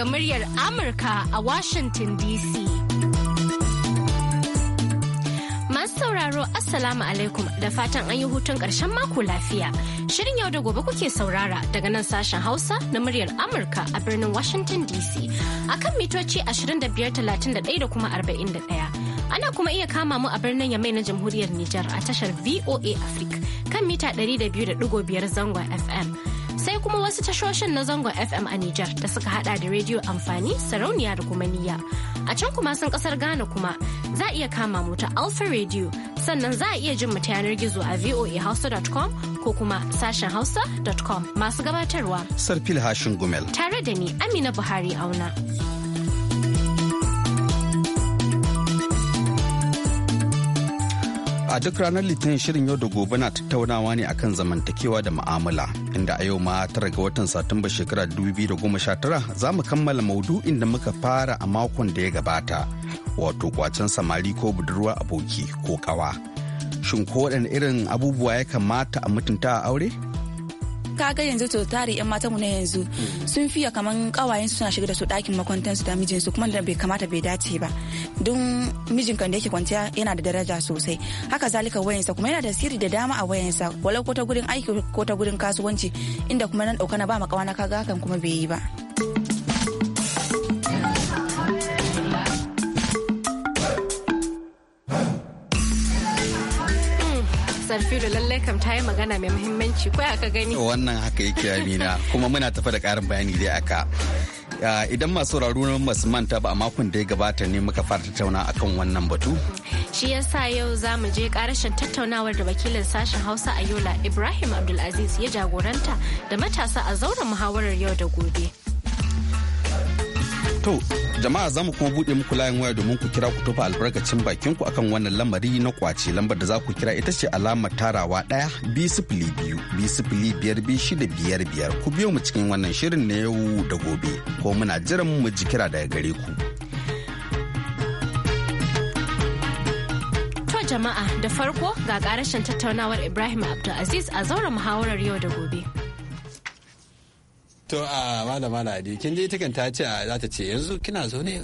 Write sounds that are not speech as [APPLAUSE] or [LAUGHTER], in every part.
daga muryar Amurka a Washington DC. Masu sauraro Assalamu alaikum da fatan an yi hutun ƙarshen mako lafiya. Shirin yau da gobe kuke saurara daga nan sashen Hausa na muryar Amurka a birnin Washington DC. Akan mitoci 2531 da kuma 41. Ana kuma iya kama mu a birnin Yamai na Jamhuriyar Nijar a tashar VOA Africa kan mita 200.5 zangon FM. sai kuma wasu tashoshin na zangon FM a Nijar da suka hada da rediyo amfani sarauniya da kuma niyya. A can kuma sun kasar Ghana kuma za a iya kama mu ta Alpha Radio sannan za a iya jin mu ta yanar gizo a voahausa.com ko kuma sashen hausa.com masu gabatarwa. Sarfil Hashin Gumel. Tare da ni Amina Buhari Auna. A duk ranar Litinin shirin yau da gobe na tattaunawa ne akan zamantakewa da mu'amala, inda a yau ma tara ga watan Satumba shekara 2019 za mu kammala maudu'in da muka fara a makon da ya gabata, wato kwacen samari ko budurwa aboki ko kawa. Shin ko waɗanne irin abubuwa ya kamata a mutunta a aure? ga yanzu to tare yan matanmu na yanzu sun fiya kaman kawayen suna shiga da su ɗakin makwantan su da mijin su kuma da bai kamata bai dace ba don mijin kan da yake kwanciya yana da daraja sosai haka zalika wayan sa kuma yana da sirri da dama a wayansa walau ko ta gurin aiki ko ta gurin kasuwanci inda kuma nan dauka na ba makawana na kaga hakan kuma bai yi ba. sarfilo lallai kam ta yi magana mai muhimmanci ko aka gani wannan haka yake amina kuma muna tafa da karin bayani dai aka idan masu raruna masu manta ba a makon da ya gabata ne muka fara tattauna akan wannan batu shi ya sa yau za mu je karashin tattaunawar da wakilin sashen hausa a yola ibrahim abdulaziz ya jagoranta da matasa a zauren muhawarar yau da gobe to jama'a za mu kuma buɗe muku layin waya domin ku kira ku tofa albarkacin bakin ku akan wannan lamari na kwace lambar da za ku kira ita ce alamar tarawa ɗaya bi sifili biyu bi sifili biyar bi shida biyar biyar ku biyo mu cikin wannan shirin na yau da gobe ko muna jiran mu ji kira daga gare ku. To jama'a da farko ga karashin tattaunawar Ibrahim Abdulaziz a zauren muhawarar yau da gobe. to a malama ladi kin je takan ta ce za ta ce yanzu kina zaune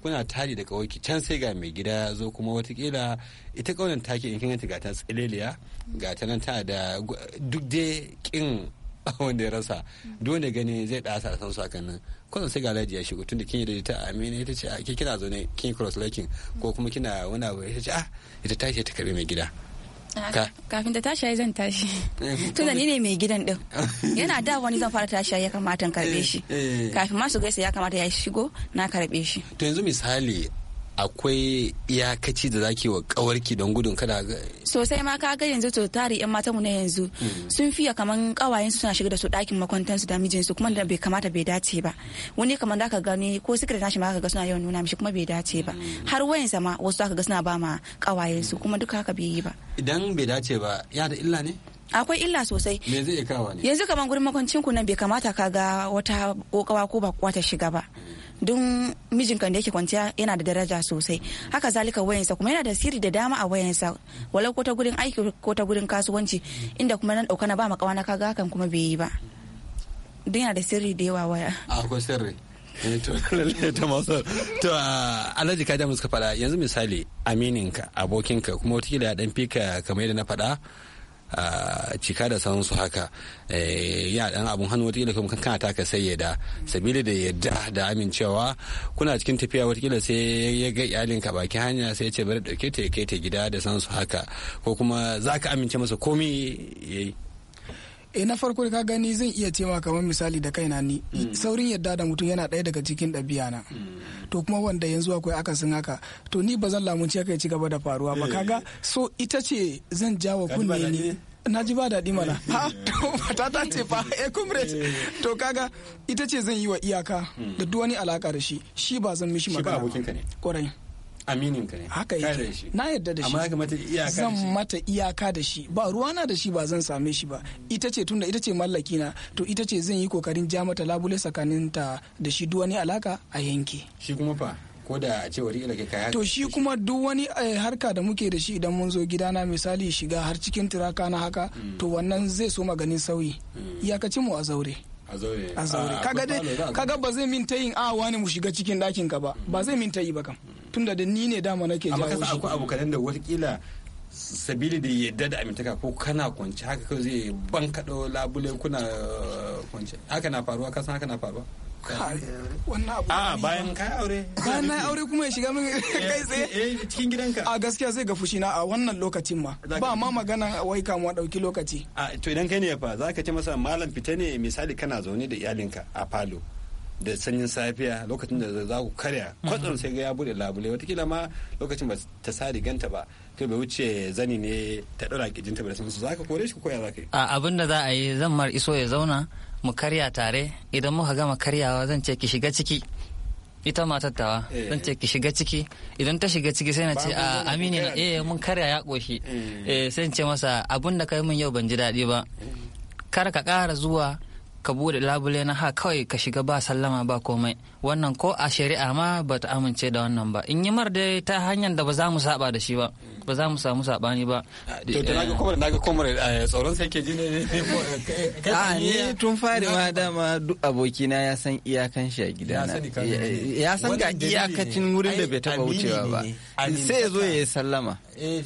kuna tari da kawai can sai ga mai gida ya zo kuma watakila ita kaunan take in kin ta gata tsileliya ga ta nan ta da duk dai kin [LAUGHS] wanda ya rasa duk wanda gani zai ɗasa a san su akan nan kwanan sai ga alhaji ya shigo tunda kin yi da ta amina ita ce a kina zaune kin cross lakin ko kuma kina wani abu ita ce a ah, ita ta ke ta karbi mai gida kafin ta tashi zan tashi eh. tunda ni ne mai gidan din [LAUGHS] yana da wani zan fara tashi ya kamata in karbe shi eh, eh. kafin masu gaisa ya kamata ya shigo na karbe shi to yanzu misali akwai iyakaci da zaki wa kawarki don gudun kada ga. sosai ma ka ga yanzu to tare yan mata mu na yanzu mm. sun fiya kaman kawayen su suna shiga da su dakin makwantansu da su kuma da bai kamata bai dace ba wani kaman da ka gani ko secret nashi ma ka ga suna yawan nuna mishi kuma bai dace ba mm. har wayansa ma wasu aka ga suna ba ma kawayen su kuma duka haka bai yi ba idan bai dace ba ya da illa ne akwai illa sosai me zai kawo ne yanzu kaman gurin makwancin ku nan bai kamata ka ga wata kokawa ko ba ta shiga ba mm. don mijinka da yake kwanciya yana da daraja sosai haka zalika wayansa kuma yana da sirri da dama a wayansa walau ko ta gurin aiki ko ta gurin kasuwanci inda kuma nan dauka na ba makawa na kaga hakan kuma bai yi ba don yana da sirri da yawa waya [LAUGHS] ah, akwai sirri eh, to [LAUGHS] ah, alhaji fada yanzu misali amininka abokinka kuma wata ya dan fika kamar yadda na faɗa cika da sansu haka eh, ya dan abun hannu watakila kuma kana taka sai ya da sabili da yadda da amincewa kuna cikin tafiya watakila sai ya ga ka baki hanya sai ya ce bari dauke ta ya kai ta gida da sansu haka ko kuma za ka amince masa komai. yayi eh na farko da ka gani zan iya cewa kamar misali da kaina ni mm. saurin yadda da mutum yana ɗaya daga cikin ɗabi'a na mm. to kuma wanda yanzu akwai akasin haka to ni ba zan lamunci ya ci gaba da faruwa ba eh. kaga so ita ce zan jawo kunne ni na ji ba daɗi mana eh. ha to ta ce fa eh comrade eh. to kaga ita ce zan yi wa iyaka mm. da duk wani alaka da shi shi ba zan mishi magana ba kwarai aminin ka ne haka yake na yarda da shi zan mata iyaka da shi ba ruwana da shi ba zan same shi ba ita ce tunda ita ce mallaki na to ita ce zan yi kokarin ja mata labule tsakanin ta da shi duk wani alaka a yanke shi kuma fa ko da a ce wari ilaka kaya to shi kuma duk wani eh, harka da muke da shi idan mun zo gidana misali shiga har cikin turaka na haka mm. to wannan zai so maganin sauyi mm. iyakacin mu a zaure a zaure kaga ba zai min ta yin awa ah, ne mu shiga cikin ɗakin ka ba hmm. ba zai min ta yi ba kam tunda da ni ne dama nake jawo shi amma akwai kadan da kila sabili da yadda da amintaka ko kana kwanci haka zai ban kaɗo labule kuna eh, kwanci haka na faruwa kasan haka na faruwa wannan abu a ah, bayan kai aure bayan na aure kuma ya shiga min [LAUGHS] eh, kai tsaye eh, eh, cikin gidanka a gaskiya zai ga fushi na a wannan lokacin ma ba ma magana wai kamuwa dauki lokaci a ah, to idan kai ne fa zaka ce masa malam fita ne misali kana zaune da iyalinka a falo da sanyin safiya lokacin da za ku karya mm-hmm. kwatsam sai ga ya bude labule watakila ma lokacin ba ta sa riganta ba kai bai wuce zani ne ta dora kijinta ba da sansu za ka kore shi ko ya za ka yi abin da za a yi zan mar iso ya zauna mu karya tare idan muka gama karyawa zan ce ki shiga ciki ita matar tawa eh. zan ce ki shiga ciki idan ta shiga ciki sai na ce a amini na eh mun karya ya koshi eh. eh sai ce masa abun da kai mun yau ban ji daɗi ba eh. kar ka ƙara zuwa ka bude labule na ha kawai ka shiga ba sallama ba komai wannan ko a shari'a ma ba ta amince da wannan ba in yi mar dai ta hanyar da ba za mu saba da shi ba ba za mu samu sabani ba to da naga komar naga komar eh, tsoron sai ke ji ne eh, a ah, ni tun fari ma dama duk abokina ya san iyakan shi a gidana ya san ga iyakacin wurin da bai taba wucewa ba sai ya zo ya yi sallama eh,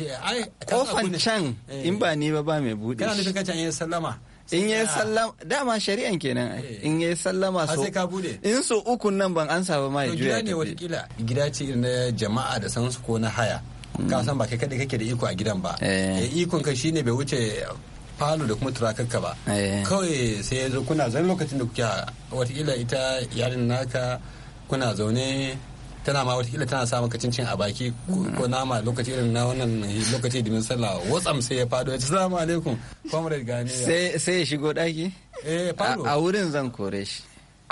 kofan can in ba ni ba ba mai bude kana nufin kan can ya sallama in ya sallama dama shari'an kenan eh. in ya sallama so ka bude in so uku nan ban ansa ba ma ya juya gida ne watakila gida ce na jama'a da sansu ko na haya mm. ka san ba kai kadai kake da iko a gidan ba eh. Eh, ikon ka shine bai wuce falo da kuma turakarka ba kawai sai ya zo kuna zan lokacin da kuke watakila ita yarin naka kuna zaune tana ma watakila tana samun maka cincin a baki ko nama lokaci irin na wannan lokaci domin sallah watsam sai ya fado ya ce salamu alaikum comrade gani sai ya shigo daki eh, a wurin zan kore shi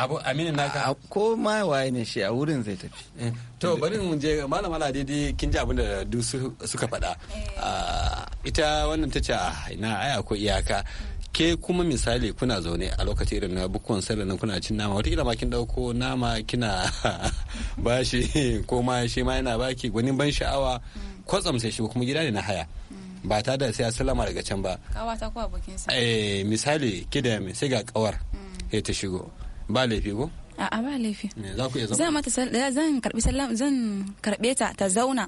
abu aminin ka ko ma waye ne shi a wurin zai tafi eh, to bari mu je malama dai kin ji abin da duk suka faɗa eh. ah, ita wannan ta ce ah, ina ai akwai iyaka ke kuma misali kuna zaune a lokaci irin na bukuwan sallah nan kuna cin nama wataƙila ma kin dauko nama kina [LAUGHS] bashi ko ma shi ma yana baki gwanin ban sha'awa kwatsam sai shi kuma gida ne na haya ba ta da sai sallama daga can ba kawata ko abokin sa eh misali kida sai ga kawar mm. sai ta shigo ba laifi ko a'a ba laifi za ku mata zan karbi sallama zan karbe ta ta zauna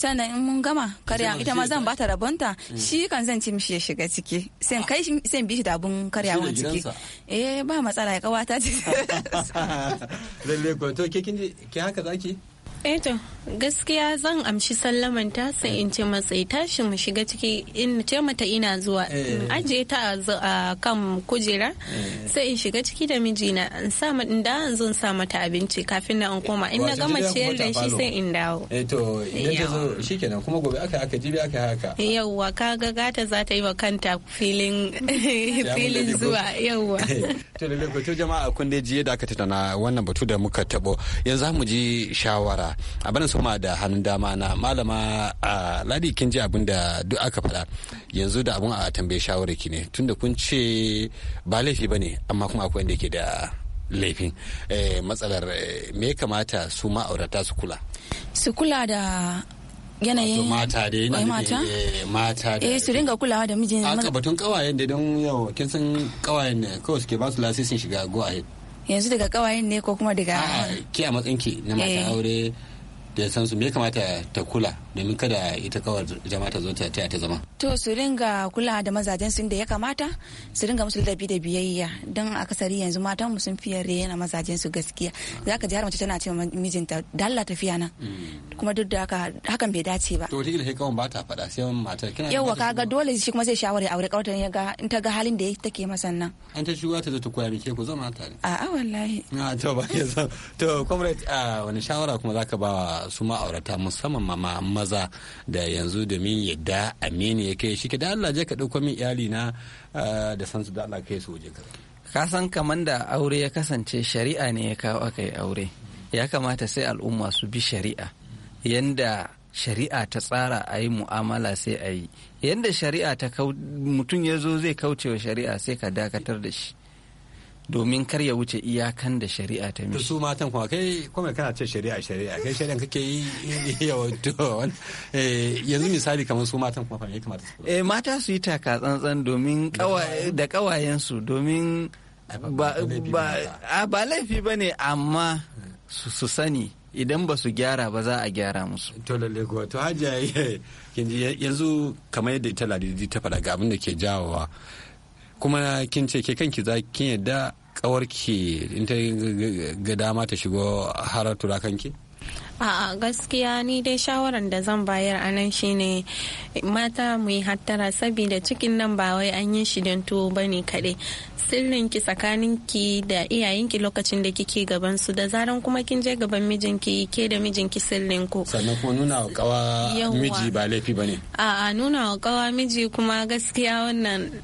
sannan in mun gama karya ita ma zan bata rabonta mm. shi kan zan ci mishi ya shiga ciki sai kai sai bi shi da abun wa ciki eh ba matsala ya kawata ce [LAUGHS] lalle ko to ke kin ke haka zaki Eto, eh gaskiya zan amshi sallaman ta sai in ce matsayi tashi mu shiga ciki in ce mata ina zuwa in eh. ajiye ta a kan kujera eh. sai in shiga ciki da mijina in sa in da zan sa mata abinci kafin na in koma in na gama ciyar da shi sai in dawo eto idan ta zo shikenan kuma gobe aka aka jibi aka haka yawwa ga gata za ta yi wa kanta filin [LAUGHS] [LAUGHS] filin zuwa yawwa [LAUGHS] to da to jama'a kun dai jiye da aka tattauna wannan batu da muka tabo yanzu mu ji shawara dama a barin soma da hannun dama na malama a ladi kin ji abin da duk aka faɗa yanzu da abin a tambaye shawararki ne tunda kun ce ba laifi ba ne amma kuma akwai wanda ke da laifin eh, matsalar eh, me kamata su ma'aurata su kula su kula da yanayin eh, mata da yana mata mata da su ringa kulawa da mijin a kabatun kawayen da don yau kin san kawayen ne kawai suke ba su lasisin shiga go ahead yanzu daga kawayen ne ko kuma daga a ke a matsayin ki na mata aure da ya san su me kamata ta kula domin kada ita kawar jama'a ta zo ta taya ta zama. To su ringa kula da mazajen sun da ya kamata su ringa musu ladabi da biyayya don akasari yanzu matan mu sun fiye yana mazajen su gaskiya za ji har mace tana ce mijinta dalla tafiya nan mm. kuma duk da haka hakan bai dace ba. To wata sai kawai ba ta faɗa sai matar kina. Yawwa ga dole shi kuma zai shawara aure kautar ya ga in ta ga halin da take masa nan. An ta shi ta zo ta koya mike ku zama tare. A'a wallahi. A ah, to ba ke to comrade a ah, wani shawara kuma za ka ba su ma'aurata musamman ma maza da yanzu domin yadda amini ya kai shi da Allah je ka ɗauko min iyali na eh, da san su da Allah kai su waje ka san kaman da aure ya kasance shari'a ne ya kawo aka yi aure ya kamata sai al'umma su bi shari'a yanda shari'a ta tsara a yi mu'amala sai a yi yadda shari'a ta mutum ya zo zai kauce wa shari'a sai ka dakatar da shi domin kar ya wuce iyakan da shari'a ta mishi. su matan kuma kai kuma kana ce shari'a shari'a kai shari'a kake yi [LAUGHS] yawanto eh, yanzu misali kamar su matan kuma ya kamata su eh mata su yi taka tsantsan domin da kawayensu domin ba laifi ba ne amma hmm. su sani idan ba su gyara ba za a gyara musu. To lalle to hajiya eh, yanzu kamar yadda ita ladidi ta faɗa ga abin da ke jawowa kuma kin ce ke kanki za kin yadda kawar in ta ga dama ta shigo turakan kanki A'a gaskiya ni dai shawaran da zan bayar a nan shine mata mu yi hattara saboda cikin nan ba wai an yi shi don tuwo ba ne kaɗai. tsakanin ki da iyayen ki lokacin da kike gaban su da zaran kuma kin je gaban mijinki ke da mijinki sirrin ku. Sannan kuma nuna wa kawa miji ba laifi ba ne. A'a nuna wa kawa miji kuma gaskiya wannan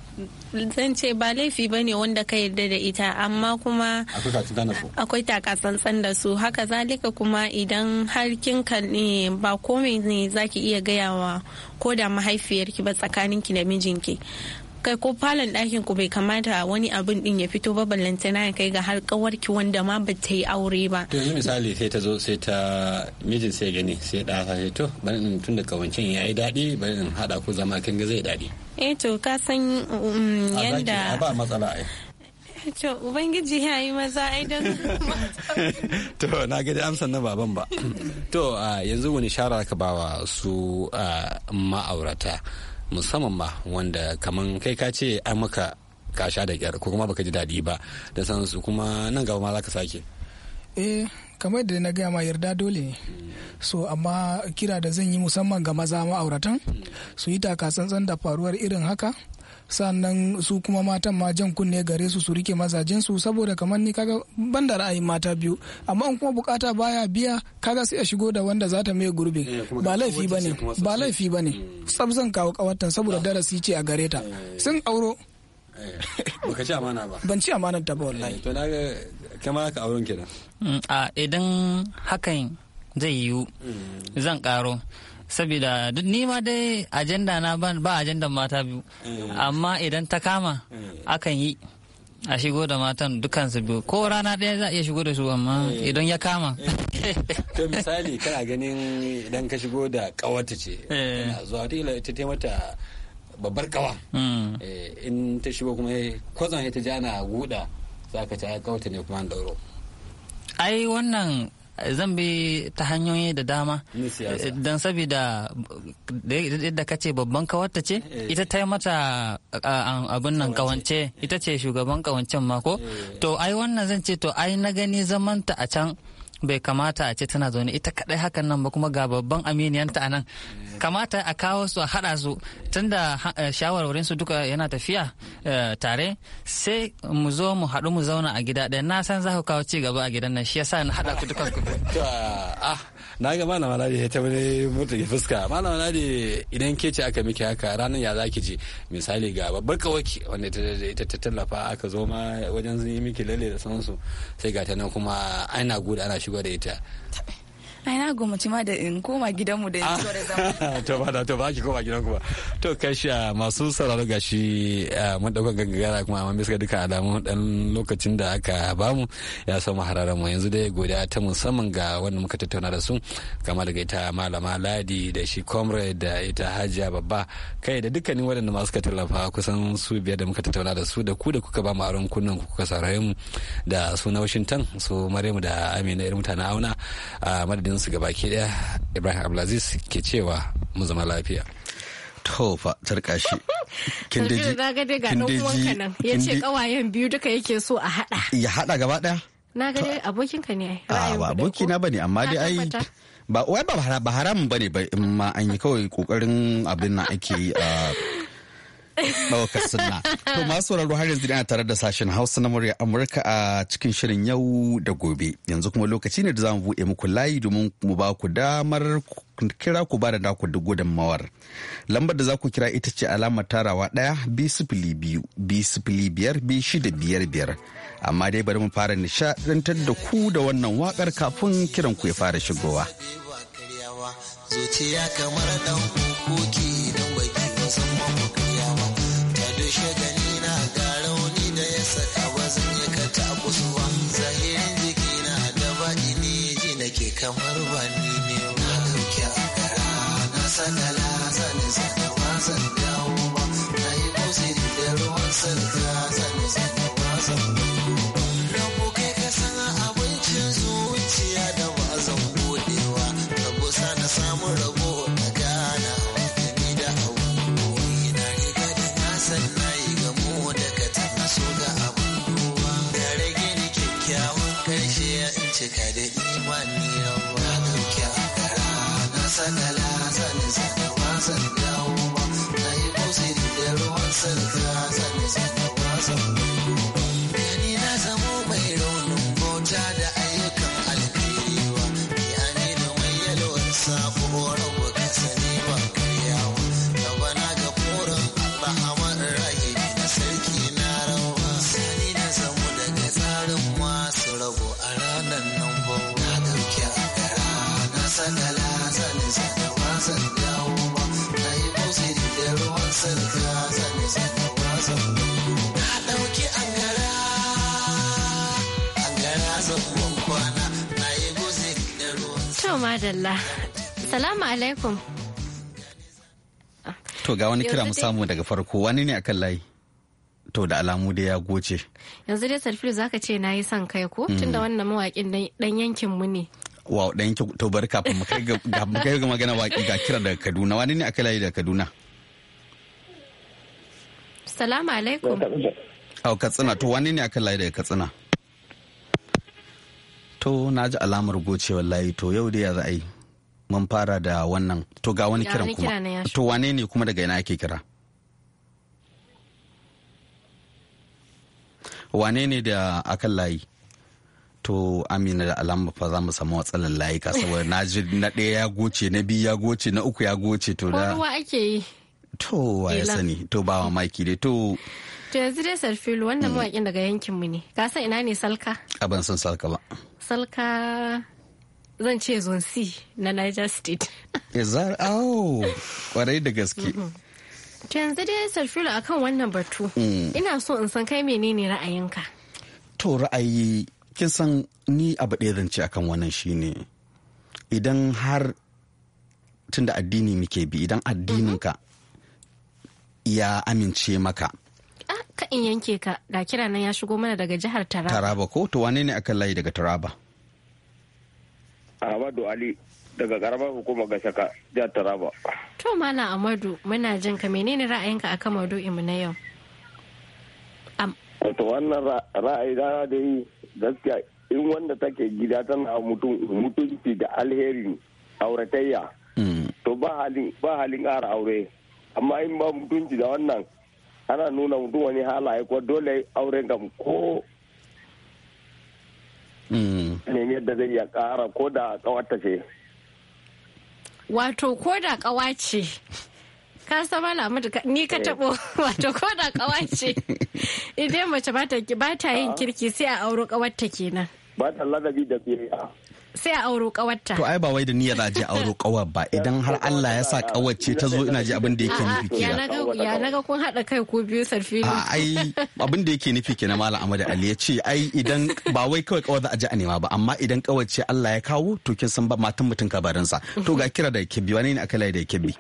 zan ce ba laifi ba ne wanda ka yarda da ita amma kuma akwai takatsantsan da su haka zalika kuma idan idan har ne ba komai ne zaki iya gayawa ko da mahaifiyarki ba tsakaninki da mijinki kai ko falon ɗakin ku bai kamata wani abin din ya fito ba ballantana ya kai ga har kawarki wanda ma ba ta yi aure ba to yanzu misali sai ta zo sai ta mijin sai gani sai da ta to bari in tun da kawancin ya yi daɗi bari in haɗa ku zama kin ga zai daɗi eh to ka san mm, yanda ba matsala ai [LAUGHS] To Ubangiji ya yi maza idan [LAUGHS] To na gadi amsan na baban ba. To yanzu wani shara ka bawa su ma'aurata musamman ma wanda kaman kai ka ce an maka kasha da kyar ko kuma baka ji daɗi ba da san su kuma nan gaba ma za ka sake. Eh kamar da na gaya ma yarda dole ne so amma kira da zan yi musamman ga maza ma'auratan su yi taka tsantsan da faruwar irin haka sannan su kuma matan ma jan kunne gare su su rike mazajen su saboda kamar ni kaga ban da ra'ayin mata biyu amma in kuma bukata baya biya kaga sai a shigo da wanda za ta mai gurbi eh, ba laifi bane ba laifi hmm. bane tsabzan kawo kawatan saboda ah. darasi ce a gare ta eh. sun auro eh. baka ci amana ba ban ci amana ta ba wallahi to na ga kamar ka auren kenan mm, a idan hakan zai yiwu hmm. zan karo saboda duk ni ma dai ajenda na ba ajandan mata biyu mm. amma idan ta kama mm. akan yi a shigo da matan dukkan su biyu ko rana ɗaya za a iya shigo da su amma mm. idan ya kama eh. to misali kana ganin idan ka shigo da kawata ce eh. zuwa wata ita ta mata babbar kawa eh, in ta shigo kuma kwazon ta jana guda za ka ta kawata ne kuma an dauro ai wannan zan bi ta hanyoyi da dama eh, don saboda yadda ka ce babban kawarta ce eh. ita ta yi mata abin nan kawance ita ce shugaban kawancen mako eh. to ai wannan zan ce to ai na gani zamanta a can bai kamata a ce tana zaune ita kadai hakan nan ba kuma ga babban aminiyanta a nan kamata a kawo su a haɗa su tunda eh, shawarwarin su duka yana tafiya eh, tare sai mu zo mu haɗu mu zauna a gida ɗaya na san za ku kawo ci gaba a gidan nan shi yasa na haɗa ku dukan ku [LAUGHS] na ga malama ladi ta wani mutu fuska malama ladi idan ke ce aka miki haka ranar ya zaki je misali ga babbar kawaki wanda ita ta tallafa aka zo ma wajen yi miki lalle da sansu sai ga ta nan kuma ana gudu ana shigo da ita ai na gwamnati ma da in koma gidanmu da da [LAUGHS] to ba to ba ki koma gidanku ba to kashi ah, masu sauraro gashi ah, mun dauka gaggara kuma amma bisa duka alamu dan lokacin da aka bamu ya so mu hararan mu yanzu dai godiya ta musamman ga wanda muka tattauna da su kamar daga ita malama Ladi da shi comrade da ita Hajiya babba kai da dukkanin waɗanda masu ka tallafa kusan su biyar da muka tattauna da su da ku da kuka ba mu aron kunnan ku kuka saurare mu da su na Washington su Maryamu da Amina irin mutanen auna a ah, madadin su gabaki daya ibrahim abdulaziz ke cewa mu zama lafiya to fa tarka shi [LAUGHS] kin daji kin daji ya ce kawayen biyu duka yake so a hada ya hada gaba daya na ga dai abokin ka ne ai ah, ba na bane amma dai ai ba wai ba haramun bane ba in ma an yi kawai kokarin abin na ake yi ɗaukar na. To masu sauraro har yanzu ana tare da sashen Hausa na murya Amurka a cikin shirin yau da gobe. Yanzu kuma lokaci ne da za mu buɗe muku layi domin mu ba ku damar kira ku ba da naku duk gudunmawar. Lambar da za ku kira ita ce alamar tarawa ɗaya bi sifili biyu bi sifili biyar bi shida biyar biyar. Amma dai bari mu fara nishaɗantar da ku da wannan waƙar kafin kiran ku ya fara shigowa. Zuciya kamar ɗan Thank you. madalla salamu alaikum to ga wani kira mu samu daga farko wani ne akan layi to da alamu da ya goce yanzu dai za ka ce na yi son kai ko tunda mm. wannan mawaƙin dan yankin mu ne wa dan yankin to bari kafin mu kai ga magana waƙi ga kira daga kaduna wani ne akan layi daga kaduna salamu alaikum au katsina to wani ne akan layi daga katsina to na ji alamar gocewar layi to yau da ya za a yi mun fara da wannan to ga wani kiran kuma to wane ne kuma daga ina ake kira wane ne da akan layi to amina da alama fa za mu samu matsalar layuka saboda na ji na ɗaya ya goce na biyu ya goce na uku ya goce to da ruwa ake yi to wa ya sani to ba wa maki dai to To yanzu dai Sarfilu wannan mm. mawaƙin daga yankinmu ne. Ka san ina ne Salka? A ban san Salka ba. Salka zan ce zone C na Niger State. [LAUGHS] Izar awo oh, kwarai da gaske. To yanzu dai Sarfilu akan wannan batu. Mm. Ina so in san kai menene ra'ayinka. To ra'ayi kin san ni abu ɗaya zan ce akan wannan shine idan har tunda addini muke bi idan addininka mm-hmm. ya amince maka ka in yanke ka ga kira nan ya shigo mana daga jihar Taraba. Taraba ko to wane ne akan layi daga Taraba? Ahmadu Ali daga karamar hukumar Gashaka jihar Taraba. To mana Amadu muna jin ka menene ra'ayinka akan maudu'in mu na yau? to wannan ra'ayi da da yi gaskiya in wanda take gida tana mutum mutunci da alheri auratayya. Mm. To ba halin ƙara aure amma in ba mutunci da wannan ana nuna mutum wani halaye ko dole auren gam ko mm. ne yadda zai iya kara ko da kawata ce wato ko da kawa ce ka saba na ni ka eh. tabo [LAUGHS] wato ko da kawa ce [LAUGHS] idan mace ba ta yin ah. kirki sai a auro kawarta kenan ba ta ladabi da biyayya sai a auro kawarta to ai ba wai da niyyar a je auro kawar ba idan har Allah ya sa kawar ce ta zo ina ji abin da yake nufi kenan ya naga kun haɗa kai ko biyu sarfi a ai abin da yake nufi kenan malam Ahmad Ali ya ce ai idan ba wai kawai kawar za a je a nema ba amma idan kawar ce Allah ya kawo to kin san ba matan mutum sa. to ga kira da yake bi wani ne aka layi da yake bi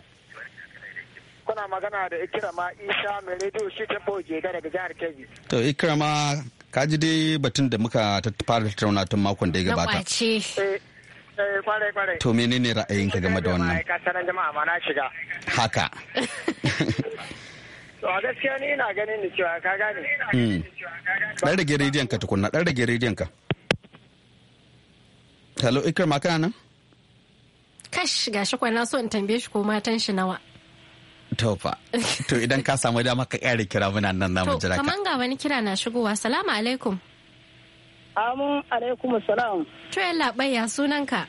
kuna magana da ikirama isa mai rediyo shi ta daga jihar kebbi to ikirama Kaji dai batun da muka fara tattauna tun makon da ya gabata eh, eh, to menene ra'ayinka game da wannan eh, haka [LAUGHS] to a gaskiya ni ina ganin ni cewa ka gane dan hmm. rage rediyon ka tukunna dan rage rediyon ka hello ikar makana nan kash gashi kwana so in tambaye shi ko matan shi nawa To To idan ka samu dama ka ƙara kira muna nan na mu jira ka. Kaman ga wani kira na shigowa. Salamu alaikum. Amin alaikum salam. To yalla ya sunan ka.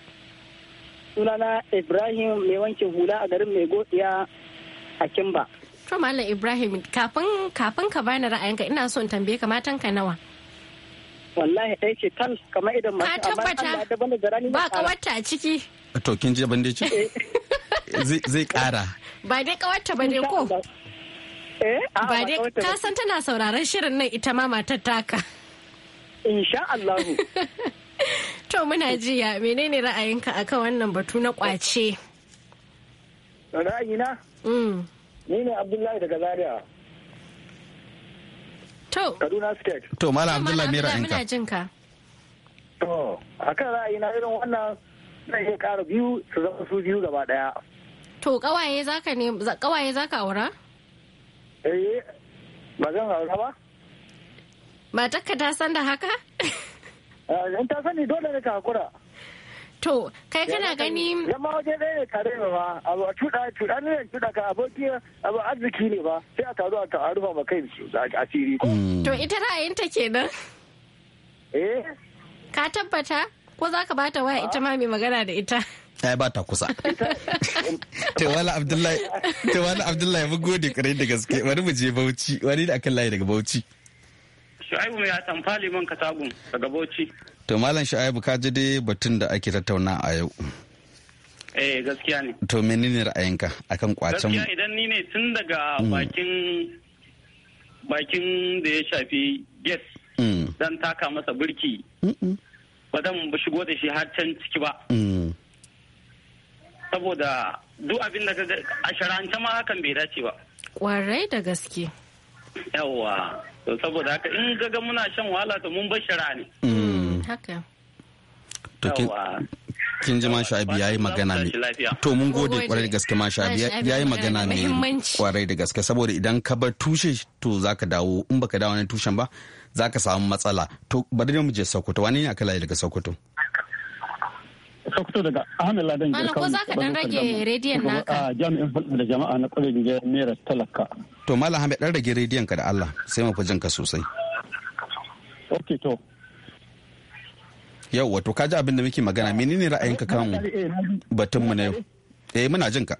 Sunana Ibrahim mai wanke hula a garin mai godiya a Kimba. To Malam Ibrahim kafin kafin ka bani ra'ayinka ina so in tambaye ka matan ka nawa. Wallahi dai ce kan kamar idan ma ba ka wata a ciki. To kin je bandici? [LAUGHS] zai kara ba dai kawarta ba ne ko eh, ba dai ka san tana sauraron shirin nan ita ma matar taka insha Allah [LAUGHS] to muna jiya menene ra'ayinka akan wannan batu na kwace ra'ayina mm. ni ne abdullahi daga zaria to kaduna state to malam abdullahi me ra'ayinka to akan ra'ayina irin wannan zai iya kara biyu su zama su biyu gaba daya To kawaye za ka ne kawaye za ka aura? Eh ba zan aura ba. Matarka ta san da haka? [LAUGHS] Eh, in ta sani dole ne ka hakura. To kai kana gani Yamma waje ɗaya ne tare ne ba abu cuɗa cuɗa ne cuɗa ka aboki abu arziki ne ba sai a taru a rufa ba kai a asiri. To ita ra'ayin ra'ayinta kenan? Eh. Ka tabbata ko za ka bata waya ita ma mai magana da ita? ai ba ta kusa to wala abdullahi to abdullahi mun gode kare da gaske wani mu je bauchi wani da akan layi daga bauchi shu'aibu ya hatan fali ka katagun daga bauchi to malam shu'aibu ka ji dai batun da ake tattauna a yau eh gaskiya ne to menene ra'ayinka akan kwacen gaskiya idan ni ne tun daga mm. bakin bakin da ya shafi yes mm. dan taka masa birki ba zan shigo da shi har can ciki ba mm. saboda duk abin da a shara'ance ma hakan bai dace ba kwarai da gaske Yawwa, to saboda haka in gaga muna shan wahala to mun bar shara ne hmm. haka to kin ji masha abi yayi magana ne to mun gode kwarai da gaske masha abi yayi magana ne kwarai da gaske saboda idan ka bar tushe to zaka dawo in baka dawo ne tushen ba zaka samu matsala to bari mu je Sokoto wani ne aka layi daga Sokoto sokoto daga ahmed ladan ya ne ko ka dan rage rediyon naka ah, jami'in hulɗa da jama'a na kwalejin naira talaka to malam ahmed dan rage rediyon ka da allah sai mu jin jinka sosai ok to yau wato ka ji abin da muke magana menene ra'ayinka kan eh, batun mu na yau eh muna jin ka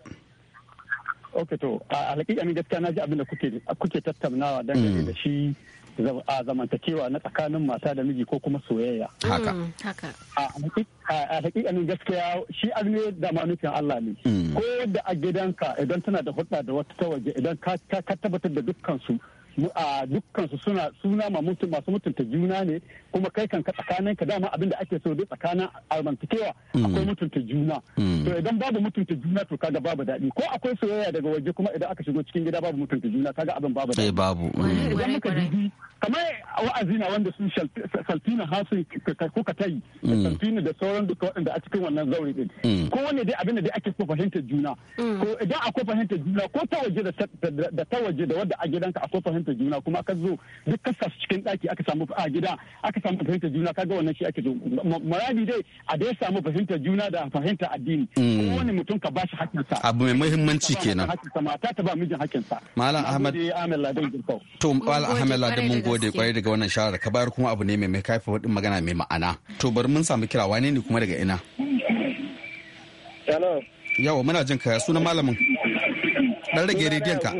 ok to a alƙiƙa gaskiya na ji abin da kuke tattaunawa dangane mm. da shi a zamantakewa na tsakanin mata da miji ko kuma soyayya. Haka. Mm, a hakikanin gaskiya shi azumi da manufin Allah ne. Mm. Ko da a gidanka idan tana da hulɗa da wata ta waje idan ka tabbatar da dukkan su a dukkansu suna suna ma mutum masu mutunta juna ne kuma kai kanka tsakanin ka dama abinda ake so dai tsakanin armantakewa hmm. akwai mutunta juna hmm. to idan babu mutunta juna to kaga babu daɗi ko akwai soyayya daga waje kuma idan aka shigo cikin gida babu mutunta juna kaga abin babu daɗi eh, babu hmm. idan muka dubi kamar wa'azi na wanda sun saltina hasu ko katai saltina da sauran duka waɗanda a cikin wannan zauri din wanne dai abinda da dai ake so fahimtar juna ko idan akwai fahimtar juna ko ta waje da ta waje da wadda a gidanka akwai fahimtar fahimtar juna kuma aka zo duk kasa cikin daki aka samu a gida aka samu fahimtar juna kaga wannan shi ake zo muradi dai a dai samu fahimtar juna da fahimtar addini hmm. kowane mutum ka bashi hakinsa abu mai muhimmanci kenan mata ta ba mijin hakinsa malam ahmad to malam ahmad ladin mun gode kwarai daga wannan shawara ka bayar kuma abu ne mai mai kaifa wadin magana mai ma'ana to bari mun samu kira wane ne kuma daga ina yawa muna jin kaya sunan malamin dan rage rediyon ka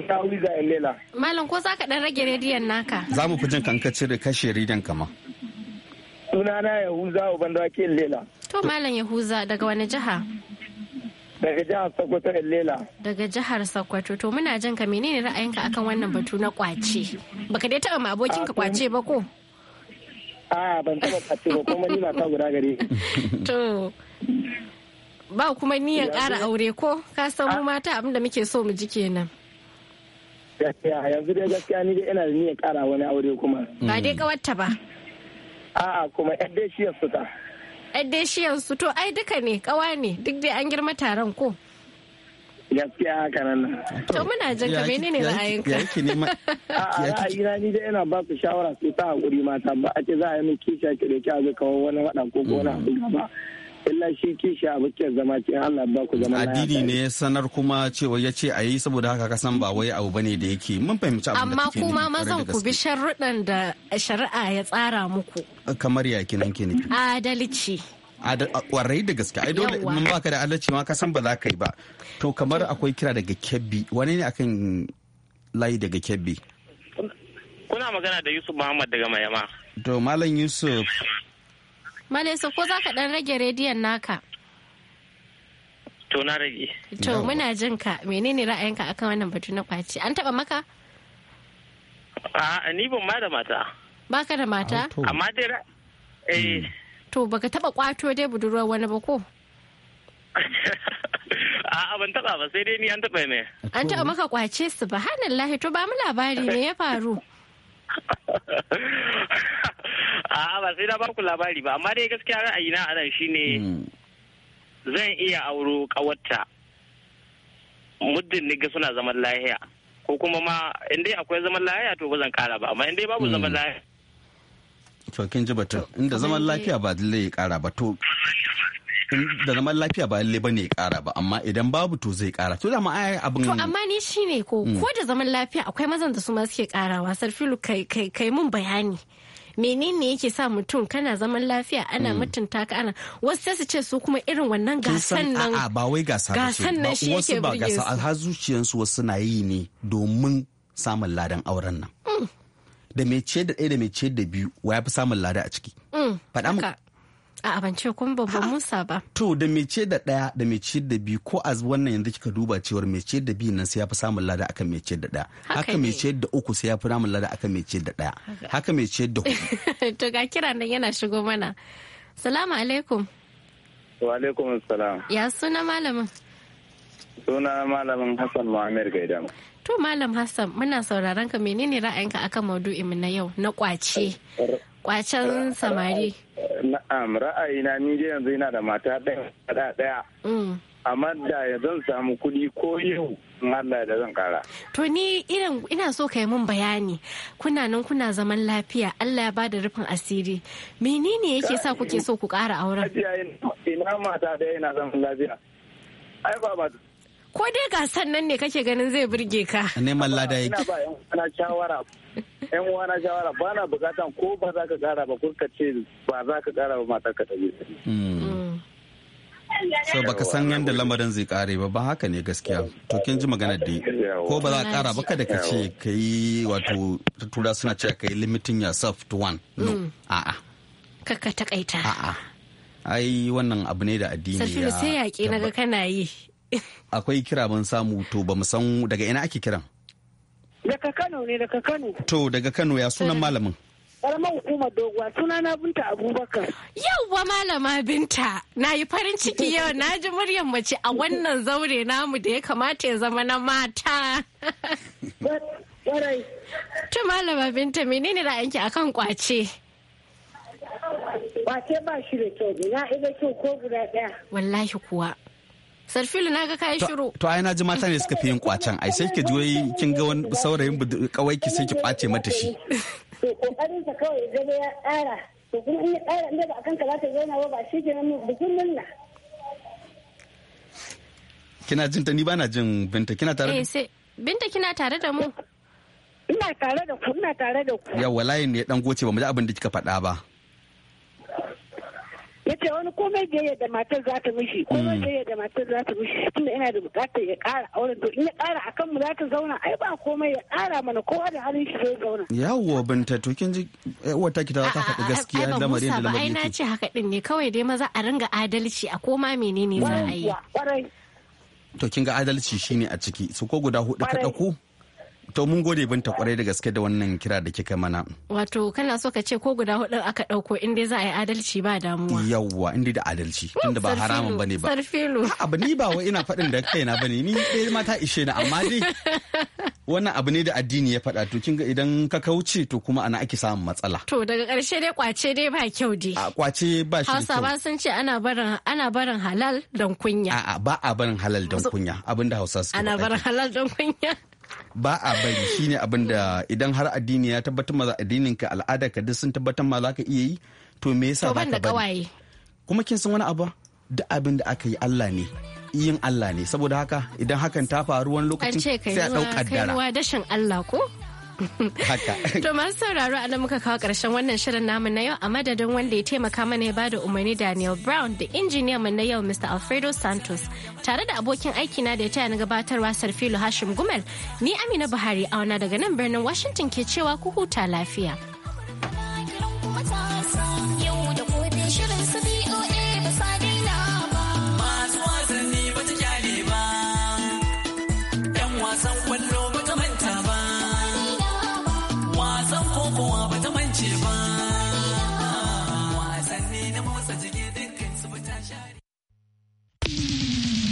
malam ko zaka dan rage rediyon naka za mu fi jin kan da cire kashe rediyon ka ma sunana yahuza ubandake lela to malam yahuza daga wani jiha daga jihar Sokoto Lela. Daga jihar Sokoto to muna jin ka menene ra'ayinka akan wannan batu na kwace? Baka dai taba ma abokin ka ah, kwace ba ko? A ah, ban taba kwace ba kuma ni mata guda gare. [LAUGHS] To ba kuma niyan ƙara aure ko ka san mu ah. mata abinda da muke so mu ji kenan gaskiya yanzu dai gaskiya ni dai ina da niyan ƙara wani aure kuma ba dai kawarta mm. ba a'a kuma yar dai shiyar su ta yar dai shiyar su to ai duka ne kawa ne duk dai an girma taron ko gaskiya haka nan to muna jin ka menene ra'ayinka [LAUGHS] ra'ayi na ni dai ina ba ku shawara su ta hakuri mata ba a ce za a yi min kisha ki da ki a kawo wani wadan ko wani abu gaba illa shi kishi abokin zama ce Allah ba ku zama addini ne sanar kuma cewa ya ce a yi saboda haka ka san ba wai abu bane da yake mun fahimci abin da amma kuma mazan ku bi sharuɗan da shari'a ya tsara muku kamar ya kinan ke ne adalci kwarai da gaske ai dole mun baka da adalci ma ka san ba za ka yi ba to kamar akwai kira daga kebbi wani ne akan layi daga kebbi kuna magana da Yusuf Muhammad daga Mayama to malam Yusuf Malesa ko za ka ɗan rage rediyon naka? To na rage. To muna jin ka menene ra'ayinka akan wannan batu na kwaci an taɓa maka? A ni ban ma da mata. Baka da mata? Amma dai eh. Hmm. To baka taɓa kwato dai budurwar wani ba ko? [LAUGHS] A'a ban taɓa ba sai dai ni an taba ne. An taɓa maka kwace su ba lahi to ba mu labari ne ya faru. [LAUGHS] [LAUGHS] A'a ba sai na baku labari ba, amma dai gaskiya ra'ayina na nan shine hmm. zan iya auro ƙawarta muddin niga suna zaman lahiya. Ko kuma ma in dai akwai zaman lahiya to ba zan kara ba, amma in dai babu hmm. zaman lahiya. To kin ji batun inda zaman lafiya ba zai kara ba to da zaman lafiya ba lalle bane ya kara ba amma idan babu to zai kara to dama ai abin to amma ni shine ko mm. ko da zaman lafiya akwai mazan da su ma suke karawa sarfilu kai kai kai mun bayani menene yake sa mutum kana zaman lafiya ana mm. mutunta ka ana wasu sai su ce su kuma irin wannan gasan nan a'a ba wai gasa gasan nan shi yake ba gasa har su wasu na yi ne domin samun ladan auren nan mm. da mai ce da ɗaya da mai ce da biyu wa ya fi samun lada a ciki faɗa A ban ce kun babban Musa ba. To da mece da ɗaya da mece da biyu ko a wannan yanzu kika duba cewar mece da biyu nan sai ya fi samun lada akan mece da ɗaya. Haka mece da uku sai ya fi samun lada akan mece da ɗaya. Haka mece da hudu. [LAUGHS] To ga kira nan yana shigo mana. Salamu alaikum. Wa alaikum salam. Ya suna malamin. Suna malamin Hassan Muhammad Gaidam. To Malam Hassan muna sauraron ka menene ra'ayinka akan maudu'in na yau na kwace kwacen samari na'am ra'ayina ni dai yanzu yana da mata ɗaya ɗaya mm. amma da zan samu kuɗi ko yau in Allah da zan kara. To ni irin ina so ka yi min bayani kuna nan kuna zaman lafiya Allah ya ba da rufin asiri menene yake sa kuke so ku kara auren? Ina mata ɗaya yana zaman lafiya. Ai ba ba ko dai ga nan ne kake ganin zai burge ka neman lada yake ina ba yan uwana shawara yan uwana shawara ba na bukatan ko ba za ka kara ba kurka ce ba za ka kara ba matar ka tabi hmm. so baka san yadda lamarin zai kare ba ba haka ne gaskiya to kin ji maganar da ko ba za a kara ba kada ka ce ka yi wato tura suna cewa ka yi limiting yourself to one no hmm. a'a kakka takaita a'a ai wannan abu ne da addini ya sai yaƙi naga kana yi akwai kira ban samu to ba mu san daga ina ake kiran daga kano ne daga kano to daga kano ya sunan malamin karamar hukumar doguwa na binta abubakar yauwa malama binta na yi farin ciki yau na ji muryar mace a wannan zaure namu da ya kamata ya zama na mata ta malama binta menene ra'ayinki akan kwace kwace ba shi da kyau na ida kyau ko guda ɗaya. wallahi kuwa sarfilu na ga kayi shiru to ai na ji mata ne suka fi yin kwacen ai sai ki ji wai kin ga wani saurayin kawai ki sai ki kwace mata shi to kokarin sa kawai gaba ya tsara to kuma in ya tsara inda ba akan ka za ta zauna ba ba shi ke nan bikin nan kina jin ta ni ba na jin binta kina tare da eh, binta kina tare da mu ina tare da ku ina tare da ku yawa layin ne dan goce ba mu ji abin da kika faɗa ba ya ce wani komai biyayya da matar za ta mishi komai da matar za ta mishi tunda ina da bukatar ya kara auren to in ya kara a kanmu za ta zauna ai ba komai ya kara mana kowa da halin shi zai zauna yawo binta to kin ji eh, wata ki ta faɗi gaskiya da lamarin da lamarin ai na ce haka din ne kawai dai maza a ringa adalci a koma menene za a yi to kin ga adalci shine a ciki su ko guda hudu ka dauko To mun gode binta kwarai da gaske da wannan kira da kika mana. Wato kana so ka ce ko guda hudu aka dauko in dai za a yi adalci ba damuwa. Yawwa in da adalci hmm, tunda ba haramun bane ba. Sarfilo. [LAUGHS] Abu ni ba wai ina faɗin da kaina bane ni ɗaya ma ta ishe na amma dai wannan abu ne da addini ya faɗa to kinga idan ka kauce to kuma ana ake samun matsala. To daga ƙarshe dai kwace dai ba kyau dai. A kwace ba shi Hausa ba Hausawa sun ce ana barin ana barin halal dan kunya. A'a ba a barin halal dan kunya abinda Hausa suke. Ana barin halal dan kunya. ba a bari shine abin da idan har addini ya tabbatar ma addinin ka al'ada ka duk sun tabbatar ma za ka iya yi to me yasa ba ka bari kuma kin san wani abu duk abin da aka yi Allah ne yin Allah ne saboda haka idan hakan ta faru wani lokacin sai a dauka dara An dashin Allah ko? Haka. [LAUGHS] To masu sauraro a muka kawo ƙarshen wannan shirin namu na yau a madadin wanda ya taimaka mana ya bada umarni Daniel Brown da injiniya mu na yau Mr. Alfredo Santos tare da abokin aikina da ya taya na gabatarwa Sarfilo Hashim Gumel ni Amina Buhari a wana daga nan birnin Washington ke cewa ku huta lafiya.